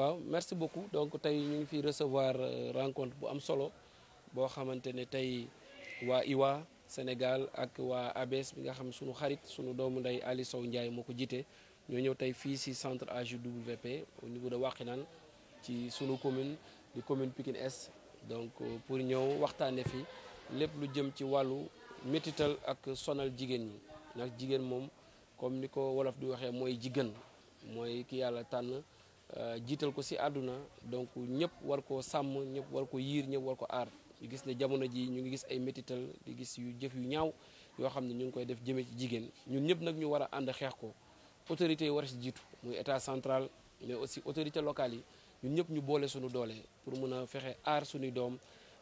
waaw merci beaucoup donc tey ñu ngi fi recevoir euh, rencontre bu am solo boo xamante ne tey waa IWA Sénégal ak waa ABS bi nga xam sunu xarit sunu doomu nday Ali Sow Ndiaye moo ko jiite ñoo ñëw tey fii si centre AJWP au niveau de Wakhinane ci sunu commune di commune Pikine Est donc euh, pour ñëw waxtaanee fi lépp lu jëm ci wàllu métital ak sonal jigéen ñi ndax jigéen moom comme ni ko wolof di waxee mooy jigéen mooy ki yàlla tànn Euh, jiital ko si àdduna donc ñëpp war ko sàmm ñëpp war ko yiir ñëpp war ko aar ñu gis ne jamono ji ñu ngi gis ay métital di gis yu jëf yu ñaaw yoo xam ne ñu ngi koy def jëmee ci jigéen ñun ñëpp nag ñu war a ànd xeex ko autorités yi war si jiitu muy état central mais aussi autorités locales yi ñun ñëpp ñu boole suñu doole pour mun a fexe aar suñuy doom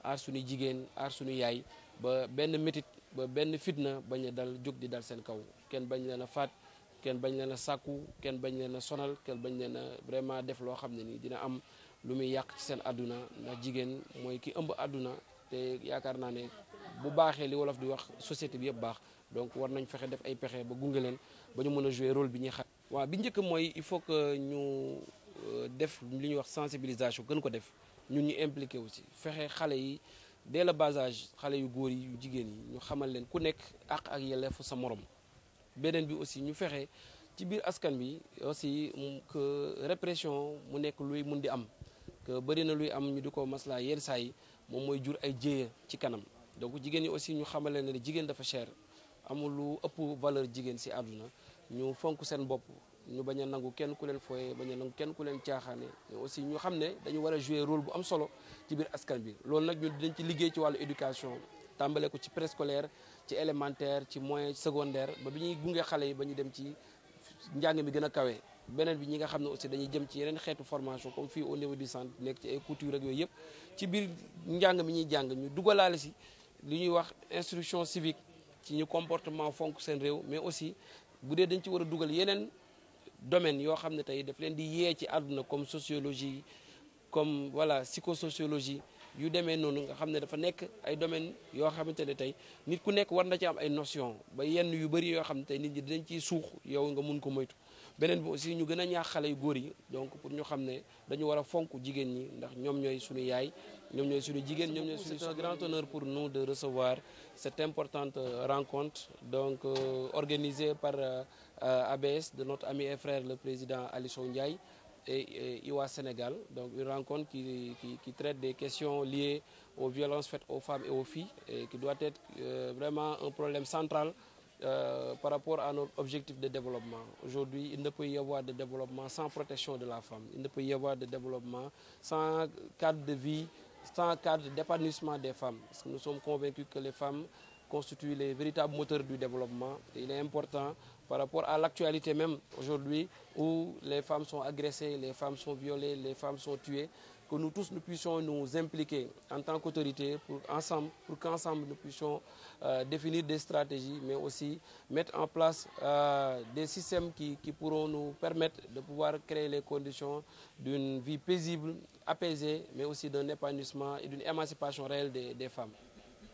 aar suñuy jigéen aar suñu yaay ba benn métit ba benn fitna bañ a dal jóg di dal seen kaw kenn bañ leen faat kenn bañ leen a sàkku kenn bañ leen a sonal kenn bañ leen a vraiment def loo xam ne nii dina am lu muy yàq seen àdduna ndax jigéen mooy ki ëmb àdduna te yaakaar naa ne bu baaxee li wolof di wax société bi yëpp baax donc war nañ fexe def ay pexe ba gunge leen ba ñu mën a jouer role bi ñuy xaar. waaw bi njëkk mooy faut que ñu euh, def li ñuy wax sensibilisation gën ko def ñun ñu impliqué aussi fexe xale yi dès le xale yu góor yi jigéen yi ñu xamal leen ku nekk àq ak yelleefu sa morom. beneen bi aussi ñu fexe ci biir askan bi aussi que répression mu nekk luy mun di am que bëri na luy am ñu di ko maslaa yenn saa yi moom mooy jur ay jéeya ci kanam donc jigéen ñi aussi ñu xamale ne jigéen dafa chair amul lu ëpp valeur jigéen si àdduna ñu fonk seen bopp ñu bañ a nangu kenn ku leen fooye bañ a nangu kenn ku leen caaxaane mais aussi ñu xam ne dañu war a jouer rôle bu am solo ci biir askan bi loolu nag ñu dinañ ci liggéey ci wàllu éducation tàmbale ko ci préscolaire ci élémentaire ci moyen secondaire ba bi ñuy gunge xale yi ba ñu dem ci njàng mi gën a kawee beneen bi ñi nga xam ne aussi dañuy jëm ci yeneen xeetu formation comme fii au niveau du centre nekk ci ay couture ak yooyu yëpp ci biir njàng mi ñuy jàng ñu dugalaale si li ñuy wax instruction civique ci ñu comportement fonk seen réew mais aussi bu dee dañ ci war a dugal yeneen domaine yoo xam ne tey daf leen di yee ci àdduna comme sociologie comme voilà psychosociologie yu demee noonu nga xam ne dafa nekk ay domaine yoo xamante ne tey nit ku nekk war na ci am ay notion ba yenn yu bëri yoo xam ne tey nit ñi dinañ ciy suux yow nga mun ko moytu beneen bi aussi ñu gën a ñaax xale yu góor yi donc pour ñu xam ne dañu war a fonk jigéen ñi ndax ñoom ñooy suñu yaay ñoom ñooy suñu jigéen ñoom ñooy suñu c'est grand honneur pour nous de recevoir cette importante euh, rencontre donc euh, organisée par euh, ABS de notre ami et frère le président Aliou Ndiaye et, et Sénégal. Donc une rencontre qui, qui, traite des questions liées aux violences faites aux femmes et aux filles et qui doit être euh, vraiment un problème central euh, par rapport à nos objectif de développement. Aujourd'hui, il ne peut y avoir de développement sans protection de la femme. Il ne peut y avoir de développement sans cadre de vie, sans cadre d'épanouissement des femmes. Parce que nous sommes convaincus que les femmes constituent les véritables moteurs du développement. Il est important par rapport à l'actualité même aujourd'hui où les femmes sont agressées, les femmes sont violées, les femmes sont tuées, que nous tous nous puissions nous impliquer en tant qu'autorité pour ensemble, pour qu'ensemble nous puissions euh, définir des stratégies, mais aussi mettre en place euh, des systèmes qui, qui pourront nous permettre de pouvoir créer les conditions d'une vie paisible, apaisée, mais aussi d'un épanouissement et d'une émancipation des, des femmes.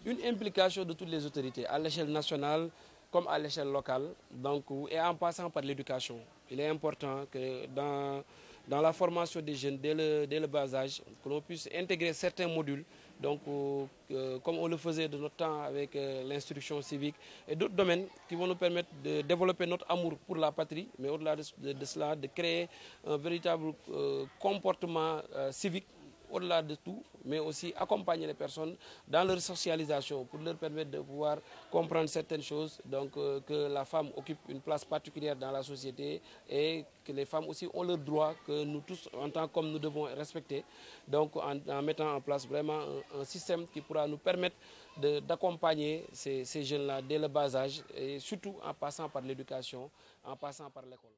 une implication de toutes les autorités, à l'échelle nationale comme à l'échelle locale, donc, et en passant par l'éducation. Il est important que dans, dans la formation des jeunes, dès le, dès le bas âge, que l'on puisse intégrer certains modules, donc, euh, comme on le faisait de notre temps avec euh, l'instruction civique, et d'autres domaines qui vont nous permettre de développer notre amour pour la patrie, mais au-delà de, de, de, cela, de créer un véritable euh, comportement euh, civique au-delà de tout, mais aussi accompagner les personnes dans leur socialisation pour leur permettre de pouvoir comprendre certaines choses, donc euh, que la femme occupe une place particulière dans la société et que les femmes aussi ont le droit que nous tous, en tant qu'hommes, nous devons respecter, donc en, en mettant en place vraiment un, système qui pourra nous permettre d'accompagner ces, ces jeunes-là dès le bas âge, et surtout en passant par l'éducation, en passant par l'école.